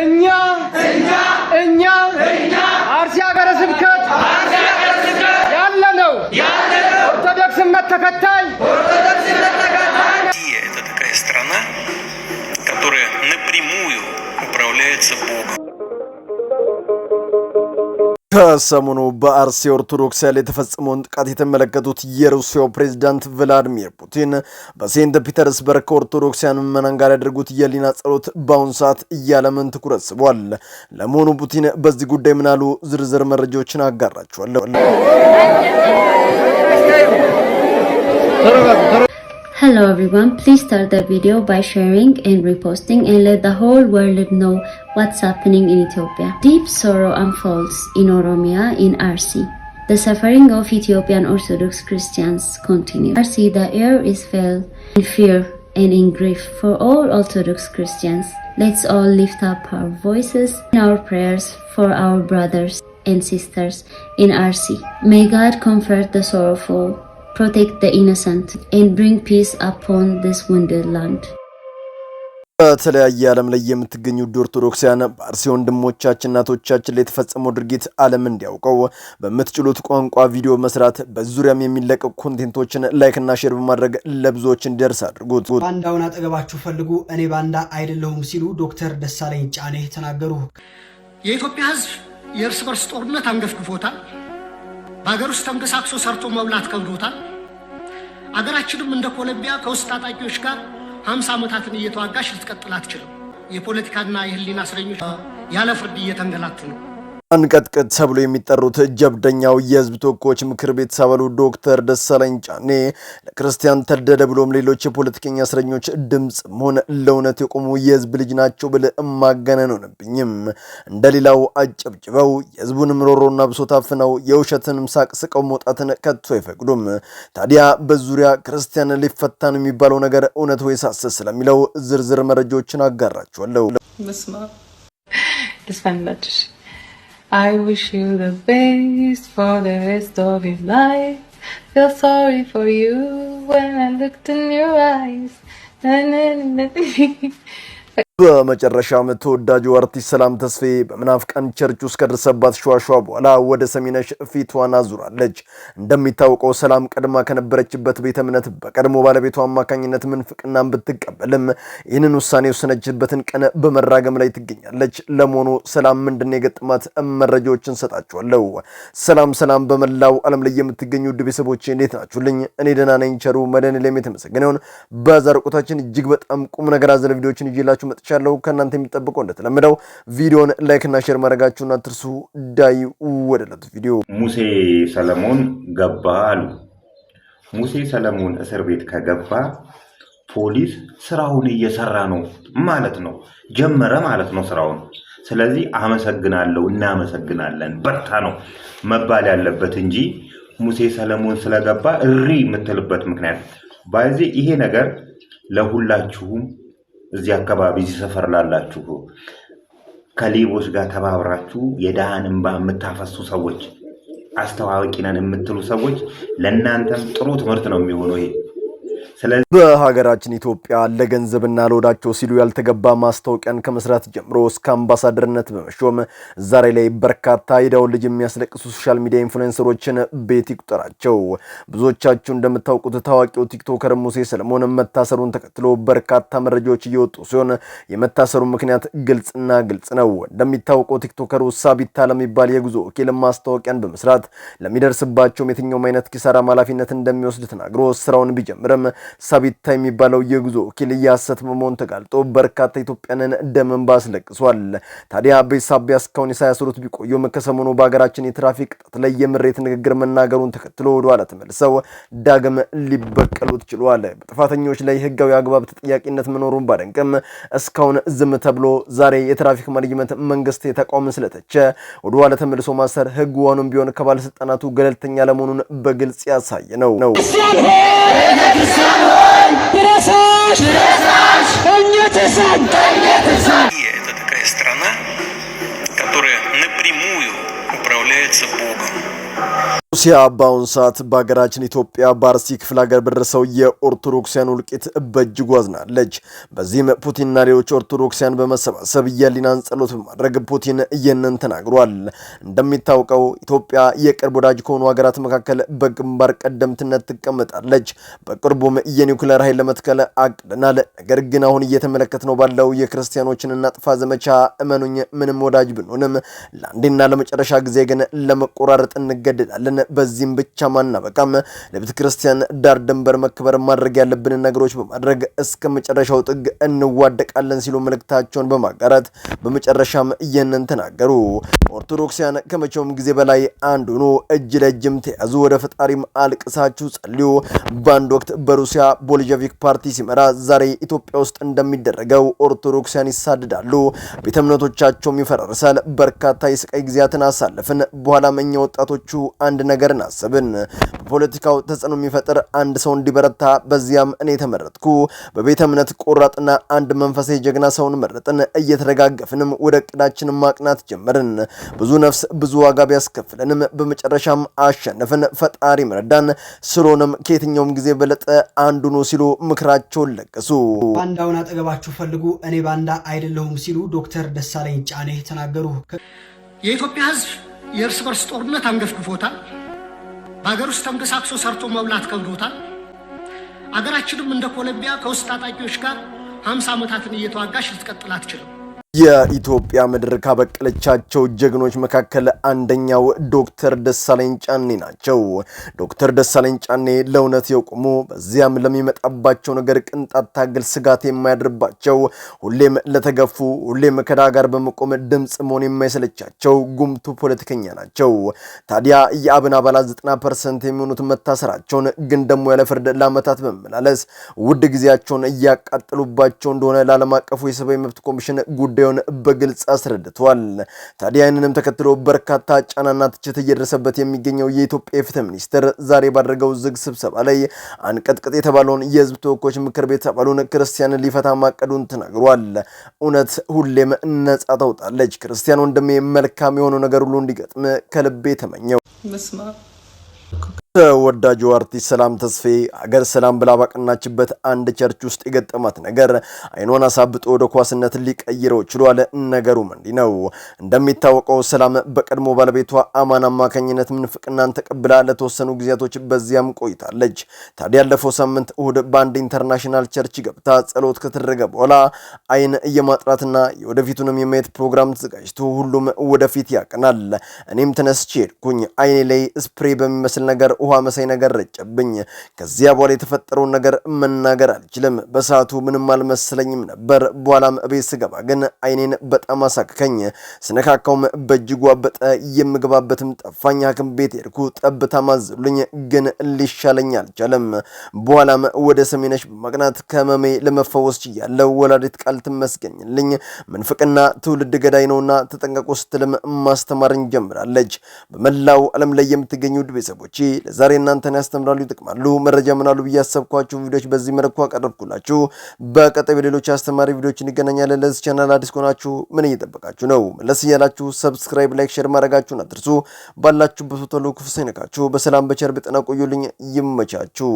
እኛ እኛ እኛ አርሲ ሀገረ ስብከት ያለ ነው ኦርቶዶክስ እምነት ተከታይ это такая страна, которая напрямую управляется Богом. ከሰሞኑ በአርሲ ኦርቶዶክስ ላይ የተፈጸመውን ጥቃት የተመለከቱት የሩሲያው ፕሬዝዳንት ቭላድሚር ፑቲን በሴንት ፒተርስበርግ ከኦርቶዶክሲያን ምዕመናን ጋር ያደርጉት የሊና ጸሎት በአሁኑ ሰዓት እያለምን ትኩረት ስቧል። ለመሆኑ ፑቲን በዚህ ጉዳይ ምናሉ? ዝርዝር መረጃዎችን አጋራችኋለሁ። Hello everyone, please start the video by sharing and reposting and let the whole world know what's happening in Ethiopia. Deep sorrow unfolds in Oromia in RC. The suffering of Ethiopian Orthodox Christians continues. RC, the air is filled in fear and in grief for all Orthodox Christians. Let's all lift up our voices in our prayers for our brothers and sisters in RC. May God comfort the sorrowful ፕሮቴክት ዘ ኢኖሰንት ኤንድ ብሪንግ ፒስ አፖን ዚስ ውንድድ ላንድ። በተለያየ ዓለም ላይ የምትገኙ ውድ ኦርቶዶክሳውያን ፓርሲ ወንድሞቻችን እናቶቻችን ላይ የተፈጸመው ድርጊት ዓለም እንዲያውቀው በምትችሉት ቋንቋ ቪዲዮ መስራት፣ በዙሪያም የሚለቀቁ ኮንቴንቶችን ላይክና ሼር በማድረግ ለብዙዎች እንዲደርስ አድርጉት። ባንዳውን አጠገባችሁ ፈልጉ፣ እኔ ባንዳ አይደለሁም ሲሉ ዶክተር ደሳለኝ ጫኔ ተናገሩ። የኢትዮጵያ ሕዝብ የእርስ በርስ ጦርነት አንገፍግፎታል። በሀገር ውስጥ ተንቀሳቅሶ ሰርቶ መብላት ከብዶታል። አገራችንም እንደ ኮሎምቢያ ከውስጥ ታጣቂዎች ጋር ሀምሳ ዓመታትን እየተዋጋሽ ልትቀጥል አትችልም። የፖለቲካና የህሊና እስረኞች ያለ ፍርድ እየተንገላቱ ነው። አንቀጥቅጥ ተብሎ የሚጠሩት ጀብደኛው የህዝብ ተወካዮች ምክር ቤት ሰበሉ ዶክተር ደሳለኝ ጫኔ ለክርስቲያን ተደደ ብሎም ሌሎች የፖለቲከኛ እስረኞች ድምፅ መሆን ለእውነት የቆሙ የህዝብ ልጅ ናቸው ብል ማጋነን ሆነብኝም። እንደሌላው አጨብጭበው የህዝቡንም ሮሮና ብሶት አፍነው የውሸትንም ሳቅ ስቀው መውጣትን ከቶ አይፈቅዱም። ታዲያ በዙሪያ ክርስቲያን ሊፈታ ነው የሚባለው ነገር እውነት ወይ ሳስ ስለሚለው ዝርዝር መረጃዎችን አጋራችኋለሁ። I wish you the best for the rest of your life. Feel sorry for you when I looked in your eyes. በመጨረሻም ተወዳጁ አርቲስት ሰላም ተስፋዬ በምናፍቃን ቸርች ውስጥ ከደረሰባት ሸዋሸዋ በኋላ ወደ ሰሚነሽ ፊቷን አዙራለች። እንደሚታወቀው ሰላም ቀድማ ከነበረችበት ቤተ እምነት በቀድሞ ባለቤቷ አማካኝነት ምንፍቅናን ብትቀበልም ይህንን ውሳኔ ወሰነችበትን ቀን በመራገም ላይ ትገኛለች። ለመሆኑ ሰላም ምንድን የገጠማት መረጃዎችን ሰጣችኋለሁ። ሰላም ሰላም፣ በመላው ዓለም ላይ የምትገኙ ውድ ቤተሰቦቼ እንዴት ናችሁልኝ? እኔ ደህና ነኝ። ቸሩ መድኃኔዓለም የተመሰገነ ይሁን። በዛሬው ቆይታችን እጅግ በጣም ቁም ነገር አዘል ቪዲዮችን ይዤላችሁ መጥቻለሁ። ከእናንተ የሚጠብቀው እንደተለመደው ቪዲዮን ላይክና ሼር ማድረጋችሁን አትርሱ። ዳይ ወደለት ቪዲዮ። ሙሴ ሰለሞን ገባ አሉ። ሙሴ ሰለሞን እስር ቤት ከገባ ፖሊስ ስራውን እየሰራ ነው ማለት ነው፣ ጀመረ ማለት ነው ስራውን። ስለዚህ አመሰግናለሁ፣ እናመሰግናለን፣ በርታ ነው መባል ያለበት እንጂ ሙሴ ሰለሞን ስለገባ እሪ የምትልበት ምክንያት ባይዚ ይሄ ነገር ለሁላችሁም እዚህ አካባቢ እዚህ ሰፈር ላላችሁ ከሌቦች ጋር ተባብራችሁ የድሃን እንባ የምታፈሱ ሰዎች፣ አስተዋዋቂ ነን የምትሉ ሰዎች ለእናንተም ጥሩ ትምህርት ነው የሚሆነው ይሄ። በሀገራችን ኢትዮጵያ ለገንዘብና ለወዳቸው ሲሉ ያልተገባ ማስታወቂያን ከመስራት ጀምሮ እስከ አምባሳደርነት በመሾም ዛሬ ላይ በርካታ የዳውን ልጅ የሚያስለቅሱ ሶሻል ሚዲያ ኢንፍሉዌንሰሮችን ቤት ይቁጠራቸው። ብዙዎቻችሁ እንደምታውቁት ታዋቂው ቲክቶከር ሙሴ ሰለሞን መታሰሩን ተከትሎ በርካታ መረጃዎች እየወጡ ሲሆን የመታሰሩ ምክንያት ግልጽና ግልጽ ነው። እንደሚታወቀው ቲክቶከሩ ሳቢታ ለሚባል የጉዞ ወኪል ማስታወቂያን በመስራት ለሚደርስባቸውም የትኛውም አይነት ኪሳራም ኃላፊነት እንደሚወስድ ተናግሮ ስራውን ቢጀምርም ሳቢታ የሚባለው የጉዞ ወኪል የሐሰት መሆኑን ተጋልጦ በርካታ ኢትዮጵያንን ደም እንባ አስለቅሷል። ታዲያ በዚህ ሳቢያ እስካሁን ሳያስሩት ቢቆዩም ከሰሞኑ በሀገራችን የትራፊክ ቅጣት ላይ የምሬት ንግግር መናገሩን ተከትሎ ወደኋላ ተመልሰው ዳግም ሊበቀሉት ችሏል። በጥፋተኞች ላይ ህጋዊ አግባብ ተጠያቂነት መኖሩን ባደንቅም እስካሁን ዝም ተብሎ ዛሬ የትራፊክ ማኔጅመንት መንግስት የተቃውሞን ስለተቸ ወደኋላ ተመልሶ ማሰር ህጉዋኑም ቢሆን ከባለስልጣናቱ ገለልተኛ ለመሆኑን በግልጽ ያሳየ ነው ነው Это такая страна, которая напрямую управляется Богом. ሩሲያ በአሁኑ ሰዓት በሀገራችን ኢትዮጵያ በአርሲ ክፍለ ሀገር በደረሰው የኦርቶዶክሲያን ውልቂት በእጅጉ አዝናለች። በዚህም ፑቲንና ሌሎች ኦርቶዶክሲያን በመሰባሰብ የሊናን ጸሎት በማድረግ ፑቲን ይህንን ተናግሯል። እንደሚታወቀው ኢትዮጵያ የቅርብ ወዳጅ ከሆኑ ሀገራት መካከል በግንባር ቀደምትነት ትቀመጣለች። በቅርቡም የኒውክሌር ኃይል ለመትከል አቅደናል። ነገር ግን አሁን ነው ባለው የክርስቲያኖችን እናጥፋ ዘመቻ እመኑኝ፣ ምንም ወዳጅ ብንሆንም ለአንዴና ለመጨረሻ ጊዜ ግን ለመቆራረጥ እንገደዳለን በዚህም ብቻ ማናበቃም ለቤተ ክርስቲያን ዳር ድንበር መከበር ማድረግ ያለብንን ነገሮች በማድረግ እስከ መጨረሻው ጥግ እንዋደቃለን ሲሉ መልእክታቸውን በማጋራት በመጨረሻም ይህንን ተናገሩ። ኦርቶዶክሲያን ከመቼውም ጊዜ በላይ አንዱ ሆኖ እጅ ለእጅም ተያዙ። ወደ ፈጣሪም አልቅሳችሁ ጸልዩ። በአንድ ወቅት በሩሲያ ቦልሸቪክ ፓርቲ ሲመራ ዛሬ ኢትዮጵያ ውስጥ እንደሚደረገው ኦርቶዶክሲያን ይሳድዳሉ፣ ቤተ እምነቶቻቸውም ይፈራርሳል። በርካታ የስቃይ ጊዜያትን አሳለፍን። በኋላም እኛ ወጣቶቹ አንድ ነገርን አሰብን። በፖለቲካው ተጽዕኖ የሚፈጥር አንድ ሰው እንዲበረታ፣ በዚያም እኔ ተመረጥኩ። በቤተ እምነት ቆራጥና አንድ መንፈሳዊ ጀግና ሰውን መረጥን። እየተደጋገፍንም ወደ እቅዳችን ማቅናት ጀመርን። ብዙ ነፍስ ብዙ ዋጋ ቢያስከፍለንም በመጨረሻም አሸነፍን። ፈጣሪ መረዳን። ስሮንም ከየትኛውም ጊዜ በለጠ አንዱ ነው ሲሉ ምክራቸውን ለገሱ። ባንዳውን አጠገባችሁ ፈልጉ፣ እኔ ባንዳ አይደለሁም ሲሉ ዶክተር ደሳለኝ ጫኔ ተናገሩ። የኢትዮጵያ ሕዝብ የእርስ በርስ ጦርነት አንገፍግፎታል። በሀገር ውስጥ ተንቀሳቅሶ ሰርቶ መብላት ከብዶታል። አገራችንም እንደ ኮሎምቢያ ከውስጥ ታጣቂዎች ጋር ሀምሳ ዓመታትን እየተዋጋች ልትቀጥል አትችልም። የኢትዮጵያ ምድር ካበቀለቻቸው ጀግኖች መካከል አንደኛው ዶክተር ደሳለኝ ጫኔ ናቸው። ዶክተር ደሳለኝ ጫኔ ለእውነት የቆሙ በዚያም ለሚመጣባቸው ነገር ቅንጣት ታግል ስጋት የማያድርባቸው ሁሌም ለተገፉ ሁሌም ከዳ ጋር በመቆም ድምፅ መሆን የማይሰለቻቸው ጉምቱ ፖለቲከኛ ናቸው። ታዲያ የአብን አባላት 90 ፐርሰንት የሚሆኑት መታሰራቸውን ግን ደግሞ ያለ ፍርድ ለዓመታት በመመላለስ ውድ ጊዜያቸውን እያቃጠሉባቸው እንደሆነ ለዓለም አቀፉ የሰብአዊ መብት ኮሚሽን ጉዳይ ጉዳዩን በግልጽ አስረድቷል። ታዲያ ይህንንም ተከትሎ በርካታ ጫናና ትችት እየደረሰበት የሚገኘው የኢትዮጵያ የፍትህ ሚኒስትር ዛሬ ባደረገው ዝግ ስብሰባ ላይ አንቀጥቅጥ የተባለውን የህዝብ ተወካዮች ምክር ቤት አባሉን ክርስቲያን ሊፈታ ማቀዱን ተናግሯል። እውነት ሁሌም ነጻ ታውጣለች። ክርስቲያን ወንድሜ መልካም የሆነው ነገር ሁሉ እንዲገጥም ከልቤ ተመኘው። ተወዳጁ አርቲስት ሰላም ተስፌ ሀገር ሰላም ብላ ባቀናችበት አንድ ቸርች ውስጥ የገጠማት ነገር አይኗን አሳብጦ ወደ ኳስነት ሊቀይረው ችሏል። ነገሩም እንዲህ ነው። እንደሚታወቀው ሰላም በቀድሞ ባለቤቷ አማን አማካኝነት ምንፍቅናን ተቀብላ ለተወሰኑ ጊዜያቶች በዚያም ቆይታለች። ታዲያ ያለፈው ሳምንት እሁድ በአንድ ኢንተርናሽናል ቸርች ገብታ ጸሎት ከተደረገ በኋላ አይን የማጥራትና የወደፊቱንም የማየት ፕሮግራም ተዘጋጅቶ ሁሉም ወደፊት ያቀናል። እኔም ተነስቼ ሄድኩኝ። አይኔ ላይ ስፕሬ በሚመስል ነገር ውሃ መሳይ ነገር ረጨብኝ። ከዚያ በኋላ የተፈጠረውን ነገር መናገር አልችልም። በሰዓቱ ምንም አልመሰለኝም ነበር። በኋላም እቤት ስገባ ግን አይኔን በጣም አሳክከኝ። ስነካካውም በእጅጉ አበጠ። የምግባበትም ጠፋኝ። ሐኪም ቤት ሄድኩ። ጠብታ ማዘሉኝ፣ ግን ሊሻለኝ አልቻለም። በኋላም ወደ ሰሜነሽ በማቅናት ከመሜ ለመፈወስ ችያለው። ወላዲት ቃል ትመስገኝልኝ። ምንፍቅና ትውልድ ገዳይ ነውና ተጠንቀቁ ስትልም ማስተማርን ጀምራለች። በመላው ዓለም ላይ የምትገኙ ውድ ቤተሰቦቼ ለዛሬ እናንተን ያስተምራሉ፣ ይጠቅማሉ፣ መረጃ ምናሉ ብዬ ያሰብኳችሁ ቪዲዮዎች በዚህ መልኩ አቀረብኩላችሁ። በቀጣይ በሌሎች አስተማሪ ቪዲዮዎች እንገናኛለን። ለዚህ ቻናል አዲስ ከሆናችሁ ምን እየጠበቃችሁ ነው? መለስ እያላችሁ ሰብስክራይብ፣ ላይክ፣ ሼር ማድረጋችሁን አትርሱ። ባላችሁበት ቶሎ ክፉ ሳይነካችሁ በሰላም በቸር በጤና ቆዩልኝ። ይመቻችሁ።